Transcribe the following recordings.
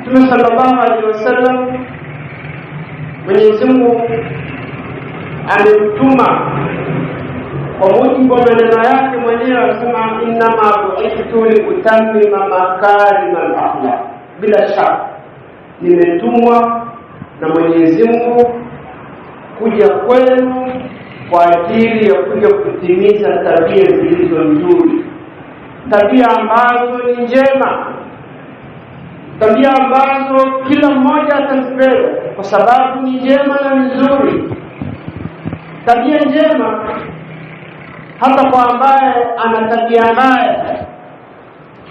Mtume sallallahu alaihi wasallam Mwenyezi Mungu amemtuma kwa mujibu wa maneno yake mwenyewe, anasema innama buithu liutammima makarima al bila shaka nimetumwa na Mwenyezi Mungu kuja kwenu kwa ajili ya kuja kutimiza tabia zilizo nzuri, tabia ambazo ni njema tabia ambazo kila mmoja atazipewa kwa sababu ni njema na nzuri. Tabia njema hata kwa ambaye ana tabia mbaya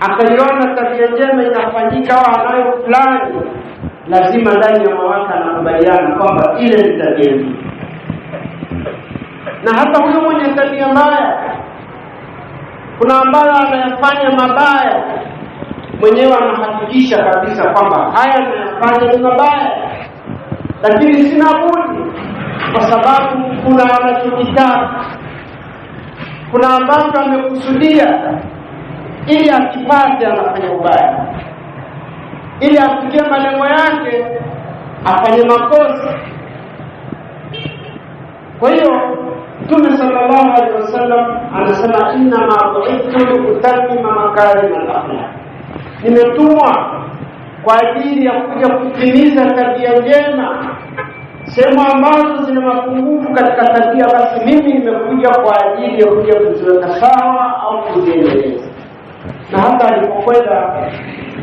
akaiona tabia njema inafanyika au anayo fulani, lazima ndani ya mawaka anakubaliana kwamba ile ni tabia njema, na hata huyo mwenye tabia mbaya kuna ambayo anayafanya mabaya mwenyewe anahakikisha kabisa kwamba haya ninayofanya ni mabaya, lakini sina budi, kwa sababu kuna anachokitaka, kuna ambacho amekusudia, ili akipate anafanya ubaya, ili afikie malengo yake afanye makosa. Kwa hiyo Mtume sallallahu alaihi wasallam anasema, innama buithtu liutammima makarima al-akhlaq nimetumwa kwa ajili ya kuja kutimiza tabia njema. Sehemu ambazo zina mapungufu katika tabia, basi mimi nimekuja kwa ajili ya kuja kuziweka sawa au kuziendeleza. Na hata alipokwenda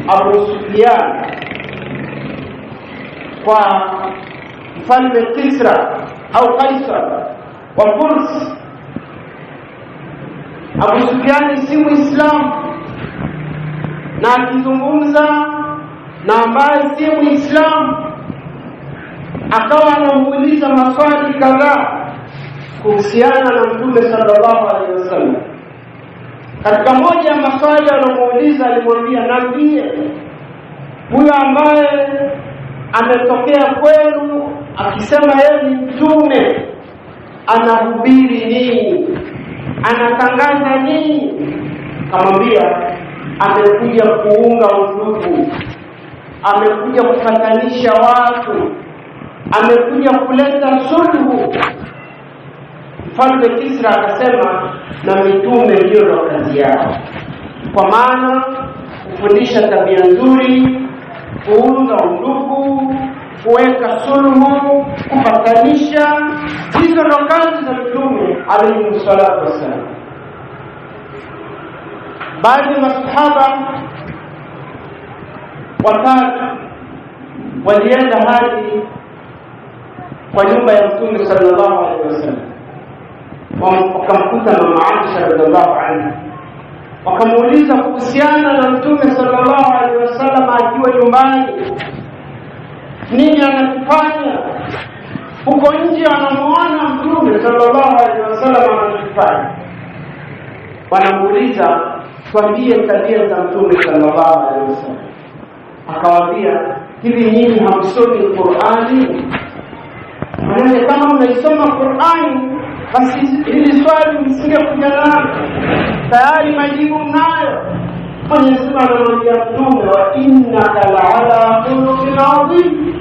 Abu Sufyan kwa mfalme Kisra au Kaisar wa Furs, Abu Sufyan si Muislamu na akizungumza na ambaye si Muislamu, akawa anamuuliza maswali kadhaa kuhusiana na Mtume sallallahu alaihi wasallam. Katika moja ya maswali anamuuliza, alimwambia nambie, huyo ambaye ametokea kwenu akisema yeye ni mtume, anahubiri nini? Anatangaza nini? Kamwambia amekuja kuunga udugu, amekuja kupatanisha watu, amekuja kuleta suluhu. Mfalme Kisra akasema na mitume ndiyo na kazi yao, kwa maana kufundisha tabia nzuri, kuunga udugu, kuweka suluhu, kupatanisha, hizo ndo kazi za mitume alaihi salatu wassalam baadhi ya masahaba watatu walienda hadi kwa nyumba ya Mtume sallallahu alaihi wasallam, wakamkuta mama Aisha radhiallahu anha, wakamuuliza kuhusiana na Mtume sallallahu alaihi wasallam akiwa nyumbani, nini anakifanya huko nje? Anamwona Mtume sallallahu alaihi wasallam anakifanya, wanamuuliza tuambie tabia za mtume sallallahu alaihi wasallam. Akawaambia, hivi nyinyi hamsomi Qur'ani? Maana kama mnaisoma Qur'ani, basi hili swali msingekuja nalo, tayari majibu mnayo. Mwenyezi Mungu anamwambia mtume, wa innaka la'ala khuluqin adhim,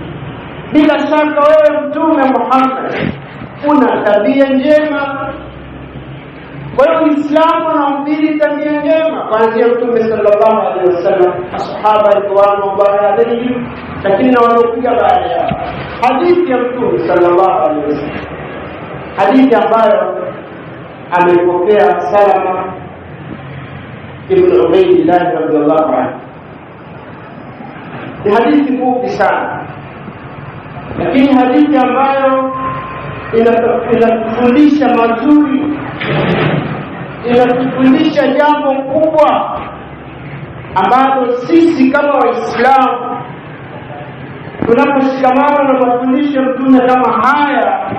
bila shaka wewe mtume Muhammad una tabia njema. Kwa hiyo Uislamu anahubiri kuanzia Mtume sallallahu alaihi wasallam, masahaba ridwanullah baada alaihim, lakini na waliokuja baada yao. Hadithi ya Mtume sallallahu alaihi wasallam, hadithi ambayo amepokea Salama ibn ubaidillahi radhiallahu anhu, ni hadithi fupi sana, lakini hadithi ambayo inatufundisha mazuri linatufundisha jambo kubwa ambalo sisi kama Waislamu tunaposhikamana na mafundisho Mtume kama haya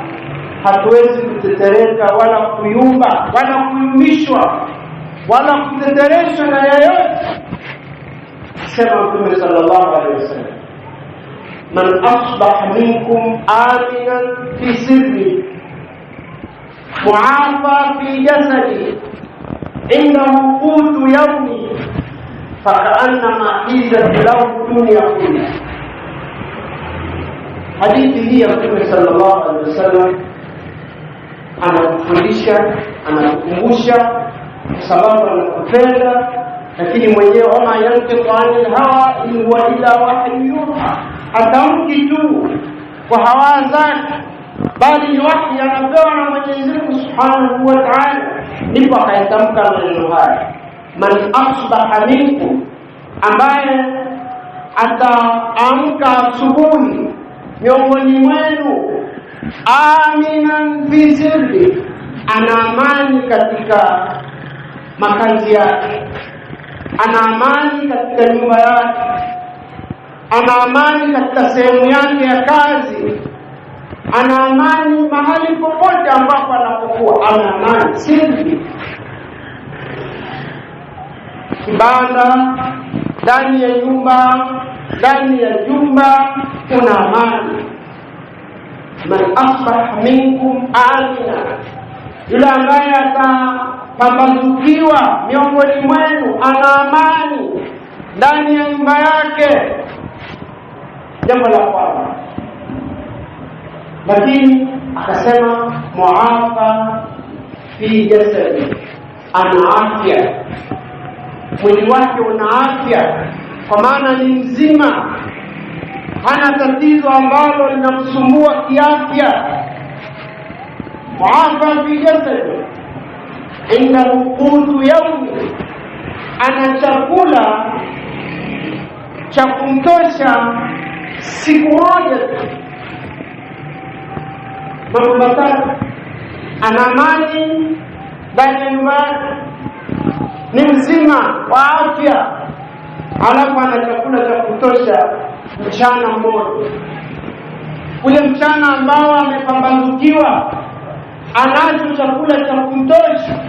hatuwezi kutetereka wala kuyumba wala kuyumbishwa wala kutetereshwa na yeyote. Sema Mtume sallallahu alehi wasallam, man asbah minkum aminan fi sirri muafa fi jasadi عنده قوت يومي فكأنما حيزت له الدنيا كلها حديثي هي مطمئ صلى الله عليه وسلم أنا أتفلشة أنا أتفلشة سبب أنا أتفلشة لكن من يوم ينطق عن الهوى إن هو إلا وحي يوحى أتمكتو وهوى ذاته bali ni wahi anapewa na Mwenyezi Mungu Subhanahu wa Ta'ala. Ndipo akaitamka maneno haya, man asbaha minkum, ambaye ataamka asubuhi miongoni mwenu, aminan fi sirri, ana amani katika makazi yake, ana amani katika nyumba yake, ana amani katika sehemu yake ya kazi ana amani mahali popote ambapo anapokuwa ana amani siri kibanda ndani ya nyumba ndani ya nyumba kuna amani man asbaha minkum amina yule ambaye atapambazukiwa miongoni mwenu ana amani ndani ya nyumba yake jambo la kwanza lakini akasema muafa fi jasadi, ana afya, mwili wake una afya, kwa maana ni mzima, hana tatizo ambalo linamsumbua kiafya. Muafa fi jasadi, indahu qutu yaumi, ana chakula cha kumtosha siku moja tu Mambo matatu: ana mali ndani ya ni mzima wa afya, alafu ana chakula cha kutosha mchana mmoja, ule mchana ambao amepambanukiwa, anacho chakula cha kutosha,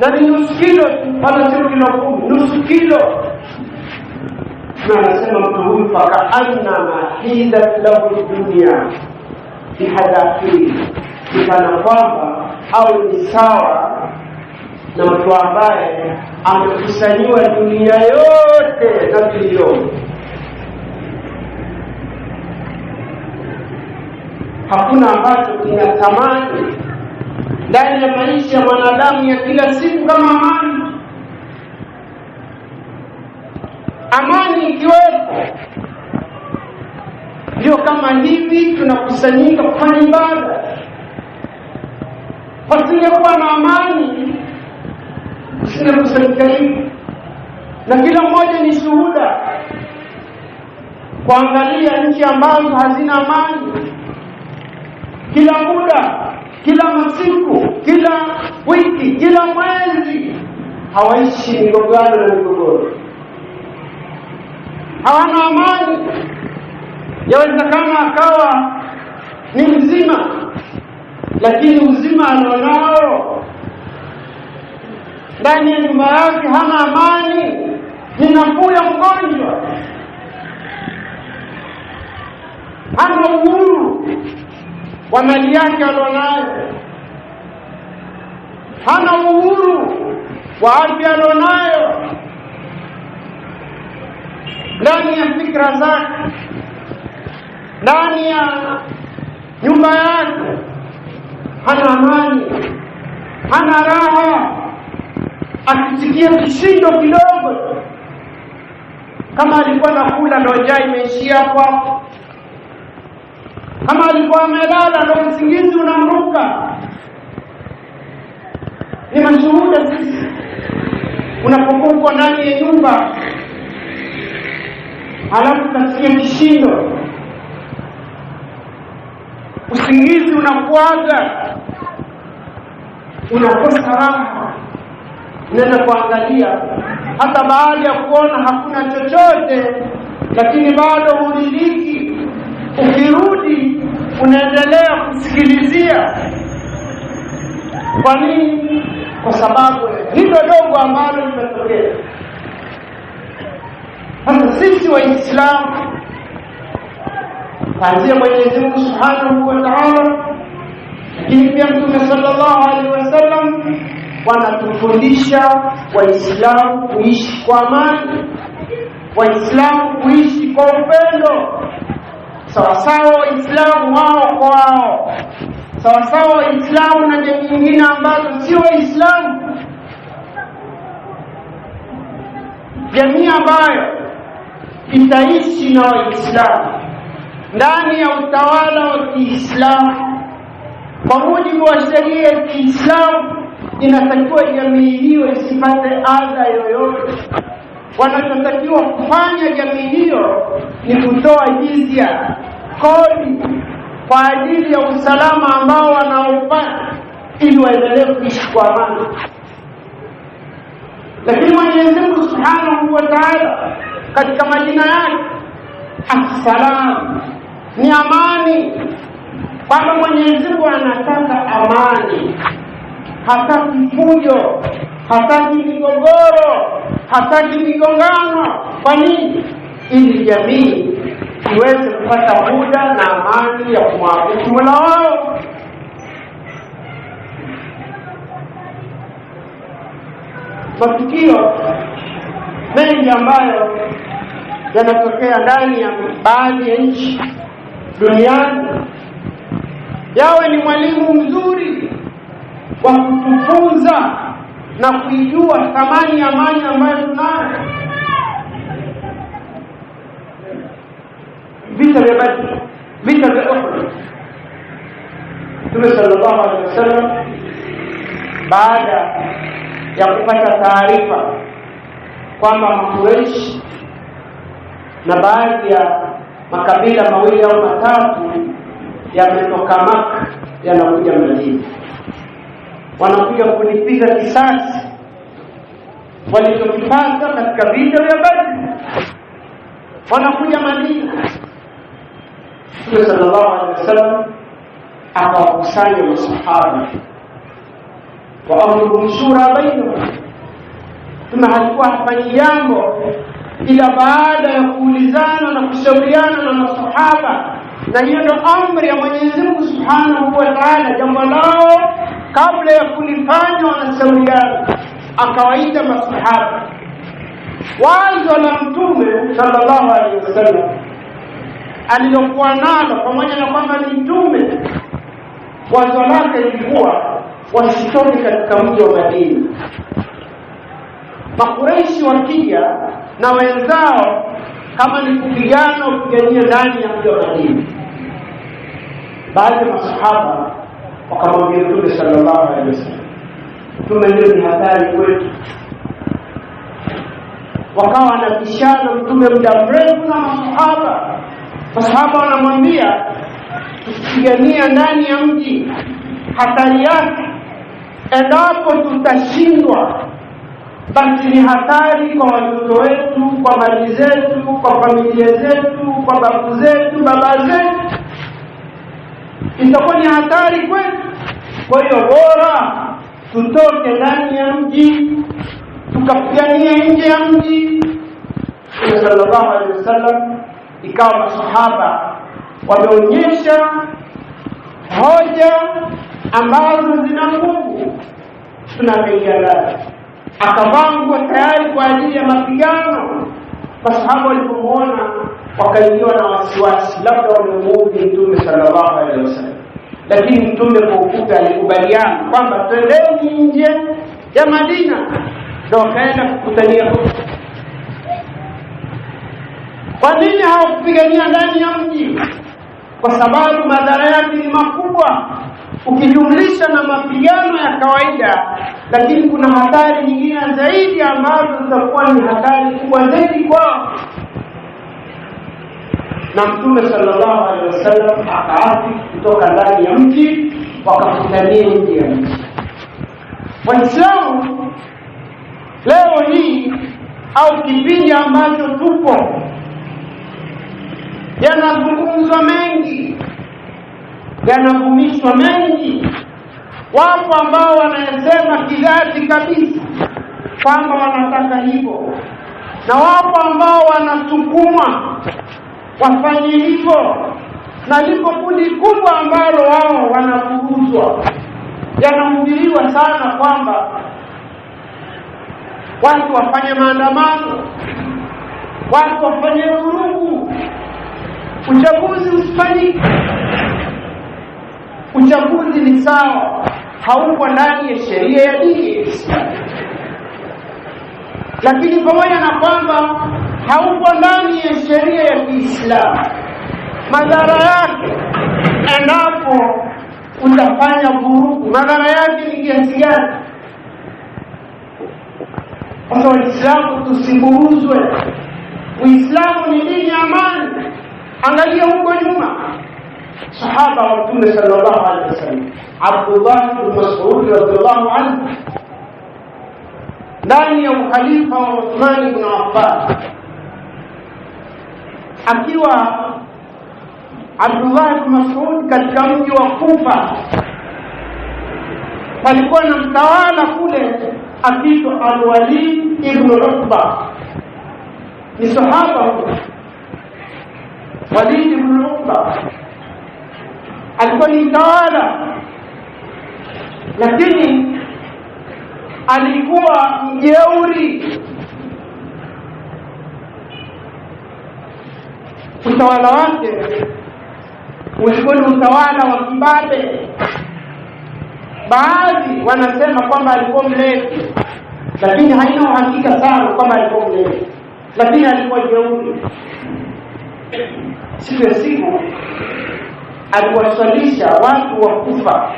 na ni nusu kilo wala sio kilo kumi, nusu kilo na anasema mtu huyu fakaanna mahida lahu dunia bihadafiri, kana kwamba au ni sawa na mtu ambaye amekusanyiwa dunia yote na tuliomo hakuna ambacho kina thamani ndani ya maisha ya mwanadamu ya kila siku kama amani. Amani ikiwepo ndio kama hivi tunakusanyika kufanya ibada. Pasingekuwa na amani, tusingekusanyika hivi, na kila mmoja ni shuhuda kuangalia nchi ambazo hazina amani, kila muda, kila masiku, kila wiki, kila mwezi, hawaishi migogano na migogoro, hawana amani yawezekana akawa ni mzima, lakini uzima alionao ndani ya nyumba yake hana amani, ni nafuu ya mgonjwa, hana uhuru wa mali yake alionayo, hana uhuru wa ardhi alionayo ndani ya fikra zake ndani ya nyumba yake hana amani, hana raha, akisikia kishindo kidogo, kama alikuwa nakula ndo njaa imeishia hapo, kama alikuwa amelala ndo usingizi unamruka. Ni mashuhuda sisi, unapokuwa uko ndani ya nyumba halafu kasikia kishindo usingizi unamwaga, unakosa raha, unaenda kuangalia hata baada ya kuona hakuna chochote, lakini bado hudiriki. Ukirudi unaendelea kusikilizia. Kwa nini? Kwa sababu hilo dogo ambalo limetokea. Sasa sisi Waislamu kuanzia Mwenyezi Mungu Subhanahu wa Ta'ala, lakini pia Mtume sallallahu alaihi wasallam wanatufundisha Waislamu kuishi kwa amani, Waislamu kuishi kwa upendo, sawasawa Waislamu wao kwa wao, sawasawa Waislamu na jamii nyingine ambazo sio Waislamu, jamii ambayo itaishi na Waislamu ndani ya utawala wa Kiislamu kwa mujibu wa sheria ya Kiislamu, inatakiwa jamii hiyo isipate adha yoyote. Wanachotakiwa kufanya jamii hiyo ni kutoa jizya, kodi, kwa ajili ya usalama ambao wanaopata, ili waendelee kuishi kwa amani. Lakini Mwenyezi Mungu Subhanahu wa Ta'ala katika majina yake Assalam ni amani, kwamba Mwenyezi Mungu anataka amani, hataki fujo, hataki migogoro, hataki migongano. Kwa nini? Ili jamii iweze kupata muda na amani ya kumwabudu Mola wao. Matukio mengi ambayo yanatokea ndani ya baadhi ya nchi duniani, yawe ni mwalimu mzuri wa kutufunza na kuijua thamani ya mali ambayo tunayo. Vita vya Badri, vita vya Uhud, Mtume sallallahu alaihi wasallam baada ya kupata taarifa kwamba Makureishi na baadhi ya makabila mawili au matatu yametoka Maka yanakuja Madina, wanakuja kulipiza kisasi walichokipata katika vita vya Badri, wanakuja Madina. Mtume sallallahu alaihi wasallam akawakusanya masahaba wa amruhum shura bainahum, tuna halikuwa hafanyi jambo kila baada ya kuulizana na kushauriana na masahaba, na hiyo ndo amri ya Mwenyezi Mungu Subhanahu wa Ta'ala. Jambo lao kabla ya kulifanya wanashauriana, akawaita masahaba. Wazo la Mtume sallallahu alaihi wasallam alilokuwa nalo, pamoja na kwamba ni mtume, wazo lake lilikuwa wasitoke katika mji wa Madina. Makureishi wakija na wenzao, kama ni kupigana, kupigania ndani ya mji wa Madina. Baadhi ya masahaba wakamwambia Mtume sallallahu alaihi wasallam, Mtume, ndio ni hatari kwetu. Wakawa wanabishana Mtume muda mrefu na masahaba, masahaba wanamwambia tukipigania ndani ya mji hatari yake endapo tutashindwa basi ni hatari kwa watoto wetu, kwa mali zetu, kwa familia zetu, kwa babu zetu, baba zetu, itakuwa ni hatari kwetu. Kwa hiyo bora tutoke ndani ya mji tukapigania nje ya mji. Mtume sallallahu alaihi wasallam, ikawa masahaba wameonyesha hoja ambazo zina nguvu, tunapiganana akapangwa tayari kwa ajili ya mapigano. Masahaba walipomwona wakaingiwa na wasiwasi, labda wamemuudhi Mtume sallallahu alaihi wasallam, lakini Mtume kwa ukuta alikubaliana kwamba twendeni nje ya Madina, ndo wakaenda kukutania huko. Kwa nini hawakupigania ndani ya mji? Kwa sababu madhara yake ni makubwa ukijumlisha na mapigano ya kawaida, lakini kuna hatari nyingine zaidi ambazo zitakuwa ni hatari kubwa zaidi kwao. Na Mtume sallallahu alaihi wasallam akaasi kutoka ndani ya mji, wakafutania nje ya mji. Waislamu leo hii au kipindi ambacho tupo yanazungumzwa mengi yanavumishwa mengi. Wapo ambao wanayesema kidhati kabisa kwamba wanataka hivyo, na wapo ambao wanasukumwa wafanye hivyo, na lipo kundi kubwa ambalo wao wanafuruzwa, yanahubiriwa sana kwamba watu wafanye maandamano, watu wafanye vurugu, uchaguzi usifanyike. Uchaguzi ni sawa, hauko ndani ya sheria ya dini ya Kiislamu, lakini pamoja na kwamba hauko ndani ya sheria ya Kiislamu, madhara yake endapo utafanya vurugu, madhara yake ni kiasi gani? Kwamba Waislamu tusiburuzwe. Uislamu ni dini ya amani. Angalia huko nyuma sahaba wa mtume sallallahu alaihi wasallam Abdullah bin Mas'ud radhiallahu anhu ndani ya ukhalifa wa Uthmani bin Affan akiwa Abdullah bin Mas'ud katika mji wa Kufa palikuwa na mtawala kule akiitwa Alwalid ibn rukba ni sahaba Walid ibn rukba alikuwa ni mtawala, lakini alikuwa mjeuri. Utawala wake ulikuwa ni utawala wa kibabe. Baadhi wanasema kwamba alikuwa mlevi, lakini haina uhakika sana kwamba alikuwa mlevi, lakini alikuwa jeuri. Siku ya siku aliwaswalisha watu wa Kufa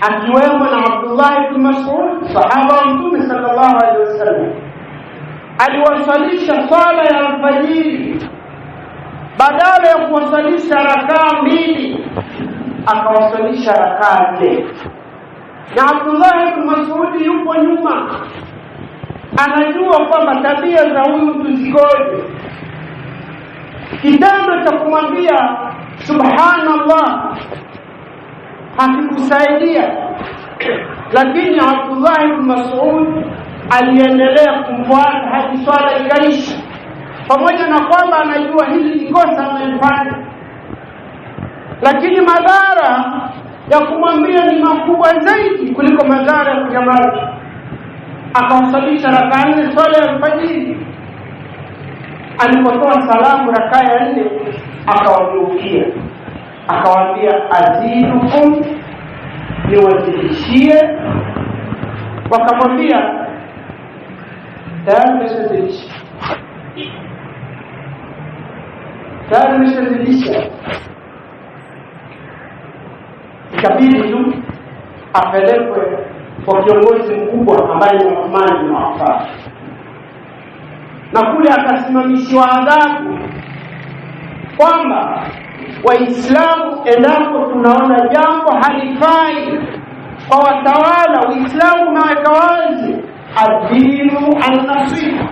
akiwemo na Abdullah ibn Mas'ud sahaba wa Mtume sallallahu alaihi wasallam, aliwaswalisha swala ya alfajiri badala ya kuwaswalisha rakaa mbili akawaswalisha rakaa nne, na Abdullah ibn Mas'ud yupo nyuma, anajua kwamba tabia za huyu mtu zikoje. Kitendo cha kumwambia subhanallah hakikusaidia lakini Abdullah ibn Mas'ud aliendelea kumfuata hadi swala ikaisha pamoja na kwamba anajua hili ni kosa lakini madhara ya kumwambia ni makubwa zaidi kuliko madhara ya kunyamaza akawasalisha rakaa nne swala ya alfajiri alipotoa salamu rakaa ya nne akawageukia akawaambia azidukum niwazidishie wakamwambia tayari umeshazidisha tayari umeshazidisha ikabidi tu apelekwe kwa kiongozi mkubwa ambaye ni Othmani na wafaa na kule akasimamishiwa adhabu kwamba Waislamu endapo tunaona jambo halifai kwa watawala, Uislamu unaweka wazi adinu alnasiha,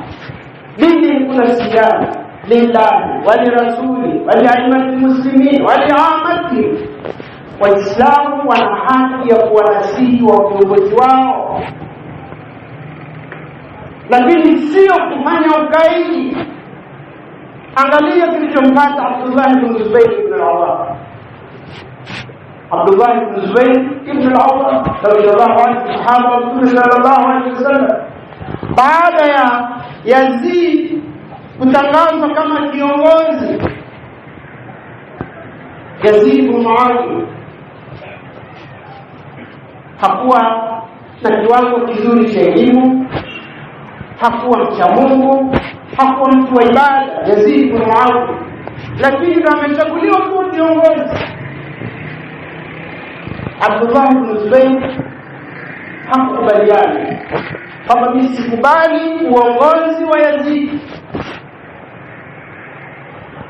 dini kuna sijana lillahi walirasuli waliaimati muslimin waliamati. Waislamu wana haki ya kuwanasihi wa viongozi wao lakini sio kufanya ukaidi. Angalia kilichompata Abdullahi bin Zubair ibn al-Awwam. Abdullahi bin Zubair ibn al radiyallahu anhu, sahaba wa Mtume sallallahu alayhi wasallam, baada ya Yazid kutangazwa kama kiongozi, Yazid bin Muawiya hakuwa na kiwango kizuri cha elimu hakuwa mcha Mungu, hakuwa mtu wa ibada, Yazid bin Muawiya, lakini amechaguliwa kuwa kiongozi. Abdullah bin Zubayr hakukubaliana kwamba mimi sikubali uongozi wa Yazid.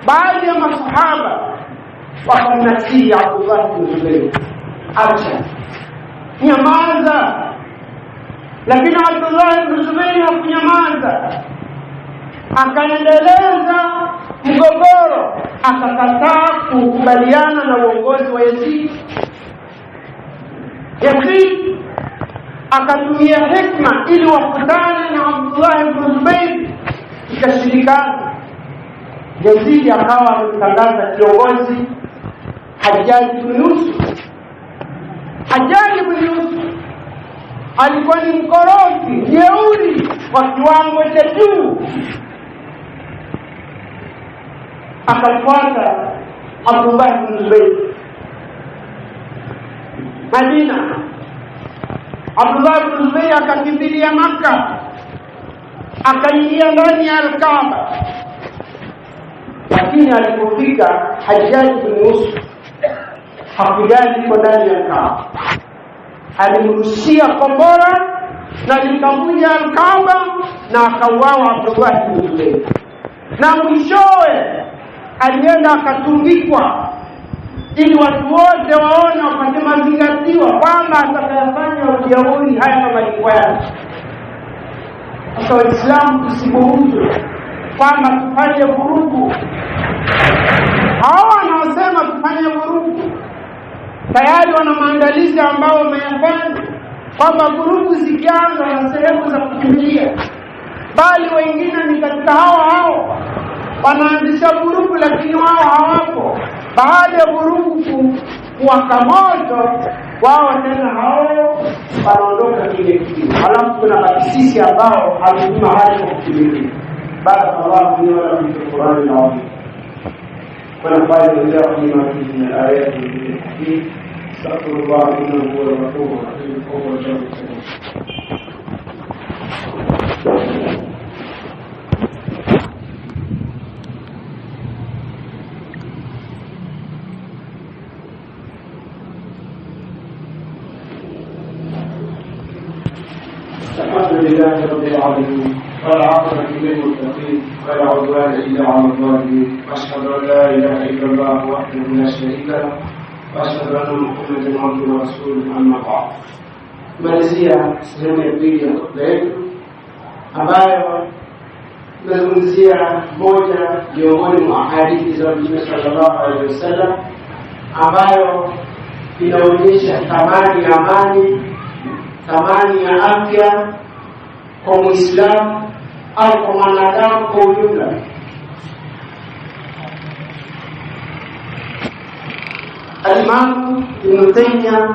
Baadhi ya masahaba wakamnasii Abdullah bin Zubayr, acha, nyamaza lakini Abdullahi ibn Zubairi hakunyamaza, akaendeleza mgogoro, akakataa kukubaliana na uongozi wa Yazid. Yazid akatumia hikma ili wakutane na Abdullahi ibn Zubairi, ikashirikana. Yazidi akawa amemtangaza kiongozi Hajjaji ibn Yusuf. Hajjaji ibn Yusuf alikuwa ni mkorofi jeuri wa kiwango cha juu. Akafuata Abdullah bin Zubair Madina, Abdullah bin Zubair akakimbilia Maka, akaingia ndani ya Alkaba, lakini alipofika Hajjaji bin Yusuf hakujali iko ndani ya Alkaba alimrushia kombora na likavuja Kaaba na akauawa Abdullahi bin Zubair, na mwishowe alienda akatumbikwa ili watu wote waone wakasema, mazingatiwa kwamba atakayafanya Uyahudi haya mamaliko yake. Sasa Waislamu tusibuhuzwe kwamba tufanye vurugu. Hawa wanaosema tufanye vurugu tayari wana maandalizi ambao wameyafanya kwamba vurugu zikianza na sehemu za kukimbilia, bali wengine ni katika hao hao wanaanzisha vurugu, lakini wao hawapo. Baada ya vurugu kuwaka moto, wao tena hao wanaondoka kile kile, halafu kuna sisi ambao hatujui hali ya kukimbilia. barakallahu li wa lakum fi lqurani ونفعل إياكم بما فيه من الآيات والذكر الحكيم استغفر الله إنه هو الغفور الرحيم وهو الجواد الحمد لله رب العالمين والعاقبة للمتقين ولا عدوان إلا على الظالمين وأشهد أن لا إله إلا الله وحده لا شريك له وأشهد أن محمدا عبده ورسوله أما بعد Malaysia sehemu ya pili ya hotuba yetu ambayo nazungumzia moja miongoni mwa hadithi za Mtume sallallahu alaihi wasallam ambayo inaonyesha thamani ya amani, thamani ya afya kwa Muislamu au kwa mwanadamu kwa ujumla. Alimamu Ibnu Taimia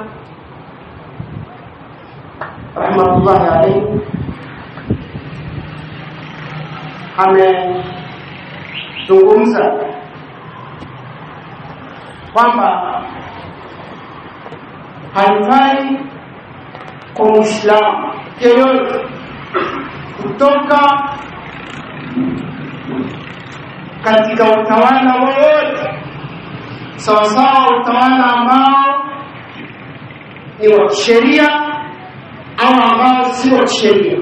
rahmatullahi alaihi amezungumza kwamba haifai kwa Muislamu yeyote kutoka katika utawala wowote sawasawa, utawala ambao ni wa kisheria au ambao si wa kisheria,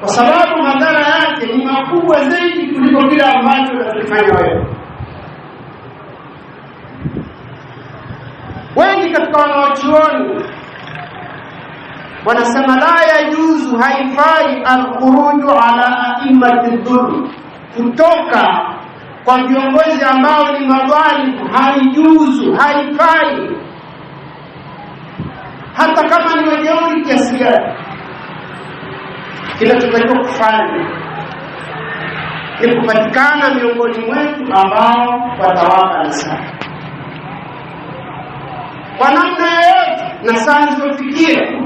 kwa sababu madhara yake ni makubwa zaidi kuliko kile ambacho unakifanya wewe. Wengi katika wanawachuoni wanasema la yajuzu, haifai alkhuruju ala aimati dhur, kutoka kwa viongozi ambao ni madhalimu, haijuzu, haifai hata kama ni wajeuri kiasi gani. Kinachotakiwa kufanya ni kupatikana miongoni mwetu ambao watawapa sana kwa namna yoyote, nasaha zilizofikia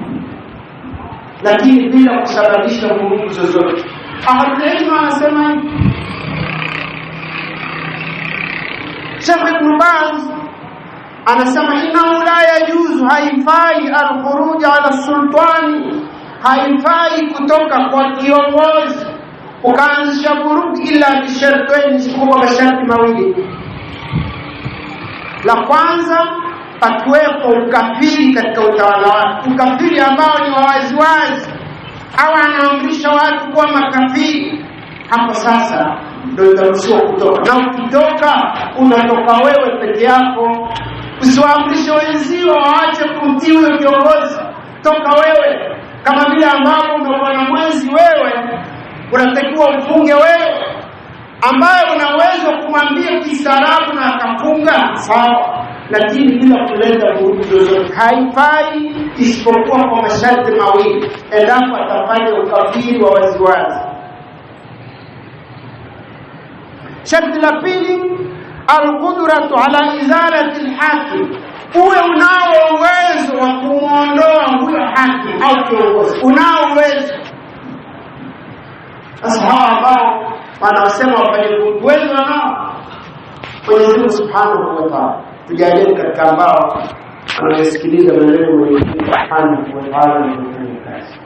lakini bila kusababisha vurugu zozote. Ahlulilmu anasema hivi. Sheikh Ibn Baz anasema innahu la yajuzu, haifai alkhuruj ala sultani, haifai kutoka kwa kiongozi ukaanzisha vurugu ila bishartaini, isipokuwa masharti mawili. La kwanza pakiwepo ukafiri katika utawala wake, ukafiri ambao ni wawaziwazi, au anaamrisha watu kuwa makafiri, hapo sasa ndio utaruhusiwa kutoka, na ukitoka unatoka wewe peke yako. Usiwaamrishe wenzio waache kumtii huyo kiongozi, toka wewe, kama vile ambavyo umekuwa na mwenzi wewe, unatakiwa ufunge wewe, ambaye unaweza kumwambia kisarabu na akafunga sawa lakini bila kuleta vurugu zozote. Haifai isipokuwa kwa masharti mawili: endapo atafanya ukafiri wa waziwazi. Sharti la pili, alqudratu ala izalati lhaqi, uwe unao uwezo wa kumwondoa huyo haki au kiongozi, unao uwezo. Sasa hawa ambao wanaosema wafanye uwezo wanao Mwenyezi Mungu subhanahu wa taala Tujalie katika ambao anasikiliza maneno mwenyekiti subhanahu wa ta'ala anayofanya kazi